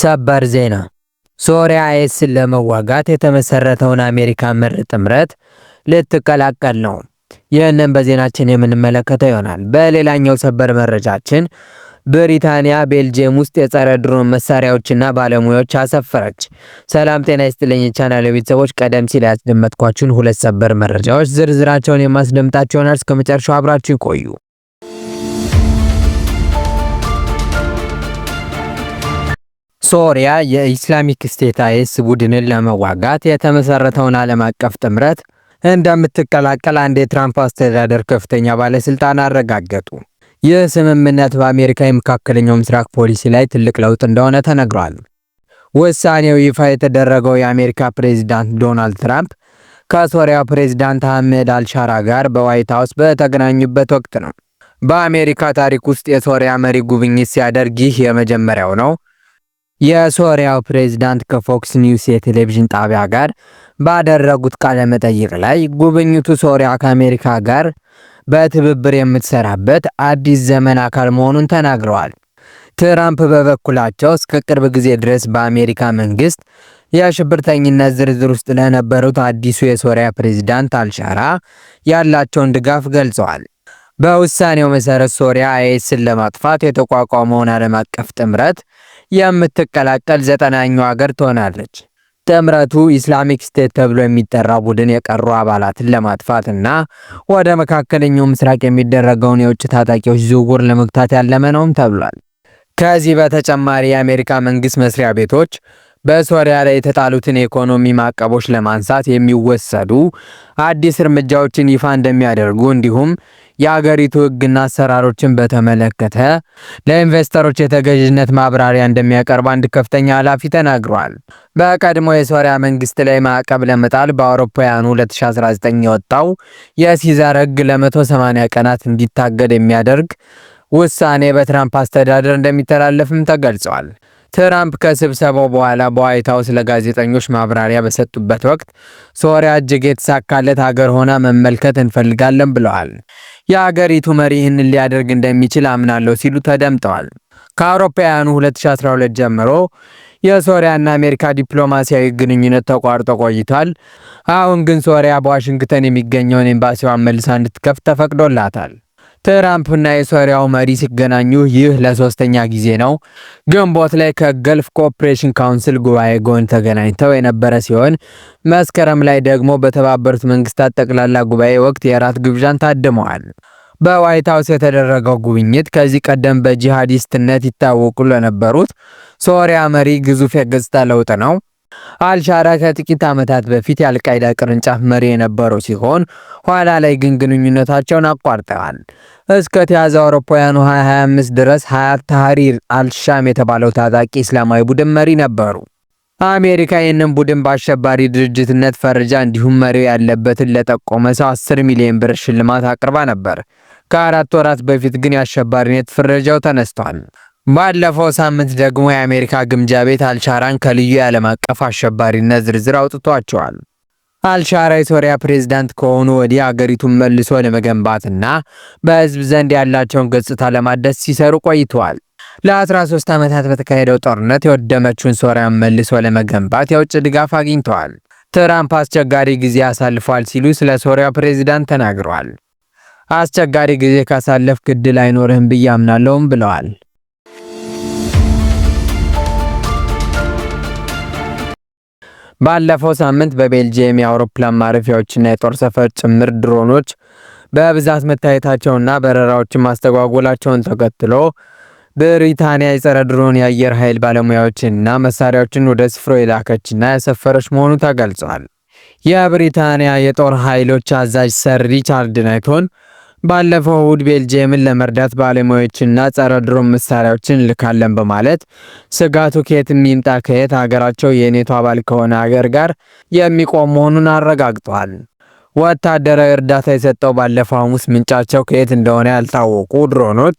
ሰበር ዜና ሶሪያ አይስን ለመዋጋት የተመሰረተውን አሜሪካ ምር ጥምረት ልትቀላቀል ነው። ይህንን በዜናችን የምንመለከተው ይሆናል። በሌላኛው ሰበር መረጃችን ብሪታንያ ቤልጅየም ውስጥ የጸረ ድሮን መሳሪያዎችና ባለሙያዎች አሰፈረች። ሰላም ጤና ይስጥልኝ ቻናል ቤተሰቦች፣ ቀደም ሲል ያስደመጥኳችሁን ሁለት ሰበር መረጃዎች ዝርዝራቸውን የማስደምጣቸው ይሆናል። እስከ መጨረሻው አብራችሁ ይቆዩ። ሶሪያ የኢስላሚክ ስቴት አይስ ቡድንን ለመዋጋት የተመሰረተውን ዓለም አቀፍ ጥምረት እንደምትቀላቀል አንድ የትራምፕ አስተዳደር ከፍተኛ ባለስልጣን አረጋገጡ። ይህ ስምምነት በአሜሪካ የመካከለኛው ምስራቅ ፖሊሲ ላይ ትልቅ ለውጥ እንደሆነ ተነግሯል። ውሳኔው ይፋ የተደረገው የአሜሪካ ፕሬዚዳንት ዶናልድ ትራምፕ ከሶሪያ ፕሬዚዳንት አህመድ አልሻራ ጋር በዋይት ሀውስ በተገናኙበት ወቅት ነው። በአሜሪካ ታሪክ ውስጥ የሶሪያ መሪ ጉብኝት ሲያደርግ ይህ የመጀመሪያው ነው። የሶሪያው ፕሬዝዳንት ከፎክስ ኒውስ የቴሌቪዥን ጣቢያ ጋር ባደረጉት ቃለ መጠይቅ ላይ ጉብኝቱ ሶሪያ ከአሜሪካ ጋር በትብብር የምትሰራበት አዲስ ዘመን አካል መሆኑን ተናግረዋል። ትራምፕ በበኩላቸው እስከ ቅርብ ጊዜ ድረስ በአሜሪካ መንግስት የሽብርተኝነት ዝርዝር ውስጥ ለነበሩት አዲሱ የሶሪያ ፕሬዝዳንት አልሻራ ያላቸውን ድጋፍ ገልጸዋል። በውሳኔው መሰረት ሶሪያ አይኤስን ለማጥፋት የተቋቋመውን ዓለም አቀፍ ጥምረት የምትቀላቀል ዘጠናኛው ሀገር ትሆናለች። ጥምረቱ ኢስላሚክ ስቴት ተብሎ የሚጠራው ቡድን የቀሩ አባላትን ለማጥፋት እና ወደ መካከለኛው ምስራቅ የሚደረገውን የውጭ ታጣቂዎች ዝውውር ለመግታት ያለመ ነውም ተብሏል። ከዚህ በተጨማሪ የአሜሪካ መንግስት መስሪያ ቤቶች በሶሪያ ላይ የተጣሉትን የኢኮኖሚ ማዕቀቦች ለማንሳት የሚወሰዱ አዲስ እርምጃዎችን ይፋ እንደሚያደርጉ እንዲሁም የአገሪቱ ህግና አሰራሮችን በተመለከተ ለኢንቨስተሮች የተገዥነት ማብራሪያ እንደሚያቀርብ አንድ ከፍተኛ ኃላፊ ተናግሯል። በቀድሞ የሶሪያ መንግስት ላይ ማዕቀብ ለመጣል በአውሮፓውያኑ 2019 የወጣው የሲዛር ህግ ለ180 ቀናት እንዲታገድ የሚያደርግ ውሳኔ በትራምፕ አስተዳደር እንደሚተላለፍም ተገልጿል። ትራምፕ ከስብሰባው በኋላ በዋይት ሀውስ ለጋዜጠኞች ማብራሪያ በሰጡበት ወቅት ሶሪያ እጅግ የተሳካለት ሀገር ሆና መመልከት እንፈልጋለን ብለዋል። የአገሪቱ መሪ ይህንን ሊያደርግ እንደሚችል አምናለሁ ሲሉ ተደምጠዋል። ከአውሮፓውያኑ 2012 ጀምሮ የሶሪያና አሜሪካ ዲፕሎማሲያዊ ግንኙነት ተቋርጦ ቆይቷል። አሁን ግን ሶሪያ በዋሽንግተን የሚገኘውን ኤምባሲዋን መልሳ እንድትከፍት ተፈቅዶላታል። ትራምፕና የሶሪያው መሪ ሲገናኙ ይህ ለሶስተኛ ጊዜ ነው። ግንቦት ላይ ከገልፍ ኮፕሬሽን ካውንስል ጉባኤ ጎን ተገናኝተው የነበረ ሲሆን መስከረም ላይ ደግሞ በተባበሩት መንግስታት ጠቅላላ ጉባኤ ወቅት የራት ግብዣን ታድመዋል። በዋይት ሀውስ የተደረገው ጉብኝት ከዚህ ቀደም በጂሃዲስትነት ይታወቁ ለነበሩት ሶሪያ መሪ ግዙፍ የገጽታ ለውጥ ነው። አልሻራ ከጥቂት ዓመታት በፊት የአልቃይዳ ቅርንጫፍ መሪ የነበሩ ሲሆን ኋላ ላይ ግን ግንኙነታቸውን አቋርጠዋል። እስከ ተያዘ አውሮፓውያኑ 2025 ድረስ ሀያት ታህሪር አልሻም የተባለው ታጣቂ እስላማዊ ቡድን መሪ ነበሩ። አሜሪካ ይህንን ቡድን በአሸባሪ ድርጅትነት ፈርጃ እንዲሁም መሪው ያለበትን ለጠቆመ ሰው 10 ሚሊዮን ብር ሽልማት አቅርባ ነበር። ከአራት ወራት በፊት ግን የአሸባሪነት ፍረጃው ተነስቷል። ባለፈው ሳምንት ደግሞ የአሜሪካ ግምጃ ቤት አልሻራን ከልዩ የዓለም አቀፍ አሸባሪነት ዝርዝር አውጥቷቸዋል። አልሻራ የሶሪያ ፕሬዝዳንት ከሆኑ ወዲህ አገሪቱን መልሶ ለመገንባትና በህዝብ ዘንድ ያላቸውን ገጽታ ለማደስ ሲሰሩ ቆይተዋል። ለ13 ዓመታት በተካሄደው ጦርነት የወደመችውን ሶሪያን መልሶ ለመገንባት የውጭ ድጋፍ አግኝተዋል። ትራምፕ አስቸጋሪ ጊዜ አሳልፏል ሲሉ ስለ ሶሪያ ፕሬዝዳንት ተናግረዋል። አስቸጋሪ ጊዜ ካሳለፍ ግድል አይኖርህም ብዬ አምናለሁም ብለዋል። ባለፈው ሳምንት በቤልጅየም የአውሮፕላን ማረፊያዎችና የጦር ሰፈር ጭምር ድሮኖች በብዛት መታየታቸውና በረራዎችን ማስተጓጎላቸውን ተከትሎ ብሪታንያ የጸረ ድሮን የአየር ኃይል ባለሙያዎችንና መሳሪያዎችን ወደ ስፍሮ የላከችና ያሰፈረች መሆኑ ተገልጿል። የብሪታንያ የጦር ኃይሎች አዛዥ ሰር ሪቻርድ ናይቶን ባለፈው እሁድ ቤልጅየምን ለመርዳት ባለሙያዎችና ጸረ ድሮን መሳሪያዎችን እንልካለን በማለት ስጋቱ ከየት የሚምጣ ከየት ሀገራቸው የኔቶ አባል ከሆነ ሀገር ጋር የሚቆም መሆኑን አረጋግጧል። ወታደራዊ እርዳታ የሰጠው ባለፈው ሐሙስ ምንጫቸው ከየት እንደሆነ ያልታወቁ ድሮኖች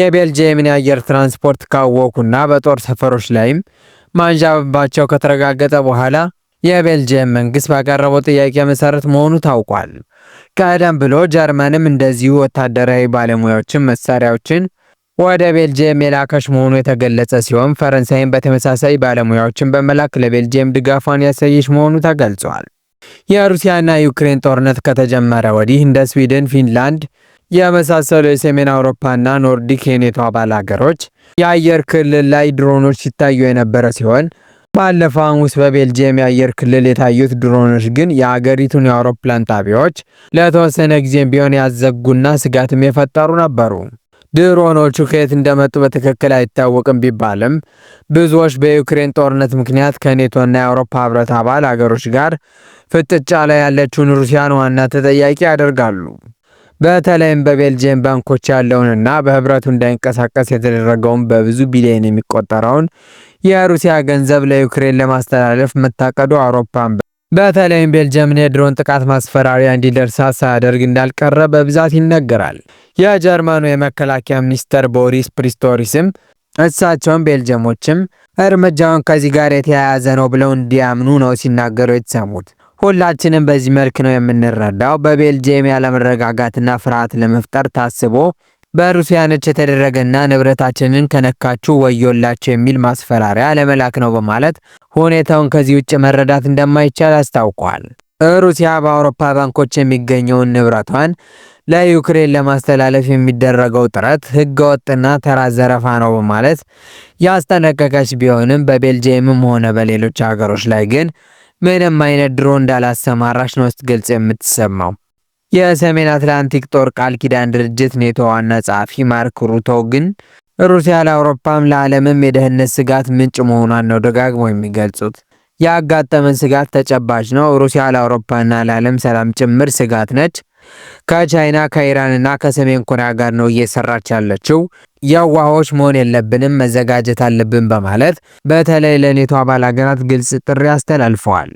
የቤልጅየምን የአየር ትራንስፖርት ካወቁና በጦር ሰፈሮች ላይም ማንዣበባቸው ከተረጋገጠ በኋላ የቤልጅየም መንግስት ባቀረበው ጥያቄ መሰረት መሆኑ ታውቋል። ቀደም ብሎ ጀርመንም እንደዚሁ ወታደራዊ ባለሙያዎችን መሳሪያዎችን ወደ ቤልጅየም የላከች መሆኑ የተገለጸ ሲሆን ፈረንሳይም በተመሳሳይ ባለሙያዎችን በመላክ ለቤልጅየም ድጋፏን ያሳየች መሆኑ ተገልጿል። የሩሲያና ዩክሬን ጦርነት ከተጀመረ ወዲህ እንደ ስዊድን፣ ፊንላንድ የመሳሰሉ የሰሜን አውሮፓና ኖርዲክ የኔቶ አባል ሀገሮች የአየር ክልል ላይ ድሮኖች ሲታዩ የነበረ ሲሆን ባለፈው ሐሙስ በቤልጅየም የአየር ክልል የታዩት ድሮኖች ግን የአገሪቱን የአውሮፕላን ጣቢያዎች ለተወሰነ ጊዜም ቢሆን ያዘጉና ስጋትም የፈጠሩ ነበሩ። ድሮኖቹ ከየት እንደመጡ በትክክል አይታወቅም ቢባልም ብዙዎች በዩክሬን ጦርነት ምክንያት ከኔቶና የአውሮፓ ሕብረት አባል አገሮች ጋር ፍጥጫ ላይ ያለችውን ሩሲያን ዋና ተጠያቂ ያደርጋሉ። በተለይም በቤልጅየም ባንኮች ያለውንና በህብረቱ እንዳይንቀሳቀስ የተደረገውን በብዙ ቢሊዮን የሚቆጠረውን የሩሲያ ገንዘብ ለዩክሬን ለማስተላለፍ መታቀዱ አውሮፓን በተለይም ቤልጅየምን የድሮን ጥቃት ማስፈራሪያ እንዲደርሳ ሳያደርግ እንዳልቀረ በብዛት ይነገራል። የጀርመኑ የመከላከያ ሚኒስትር ቦሪስ ፕሪስቶሪስም እሳቸውም ቤልጅየሞችም እርምጃውን ከዚህ ጋር የተያያዘ ነው ብለው እንዲያምኑ ነው ሲናገሩ የተሰሙት። ሁላችንም በዚህ መልክ ነው የምንረዳው። በቤልጅየም ያለመረጋጋትና ፍርሃት ለመፍጠር ታስቦ በሩሲያኖች የተደረገና ንብረታችንን ከነካችሁ ወዮላችሁ የሚል ማስፈራሪያ ለመላክ ነው በማለት ሁኔታውን ከዚህ ውጭ መረዳት እንደማይቻል አስታውቋል። ሩሲያ በአውሮፓ ባንኮች የሚገኘውን ንብረቷን ለዩክሬን ለማስተላለፍ የሚደረገው ጥረት ህገወጥና ተራ ዘረፋ ነው በማለት ያስጠነቀቀች ቢሆንም በቤልጅየምም ሆነ በሌሎች ሀገሮች ላይ ግን ምንም አይነት ድሮ እንዳላሰማራሽ ነው ስትገልጽ የምትሰማው። የሰሜን አትላንቲክ ጦር ቃል ኪዳን ድርጅት ኔቶ ዋና ጸሐፊ ማርክ ሩቶ ግን ሩሲያ ለአውሮፓም ለዓለምም የደህንነት ስጋት ምንጭ መሆኗን ነው ደጋግሞ የሚገልጹት። ያጋጠመን ስጋት ተጨባጭ ነው። ሩሲያ ለአውሮፓና ለዓለም ሰላም ጭምር ስጋት ነች። ከቻይና ከኢራንና ከሰሜን ኮሪያ ጋር ነው እየሰራች ያለችው። የዋሆች መሆን የለብንም መዘጋጀት አለብን በማለት በተለይ ለኔቶ አባል ሀገራት ግልጽ ጥሪ አስተላልፈዋል።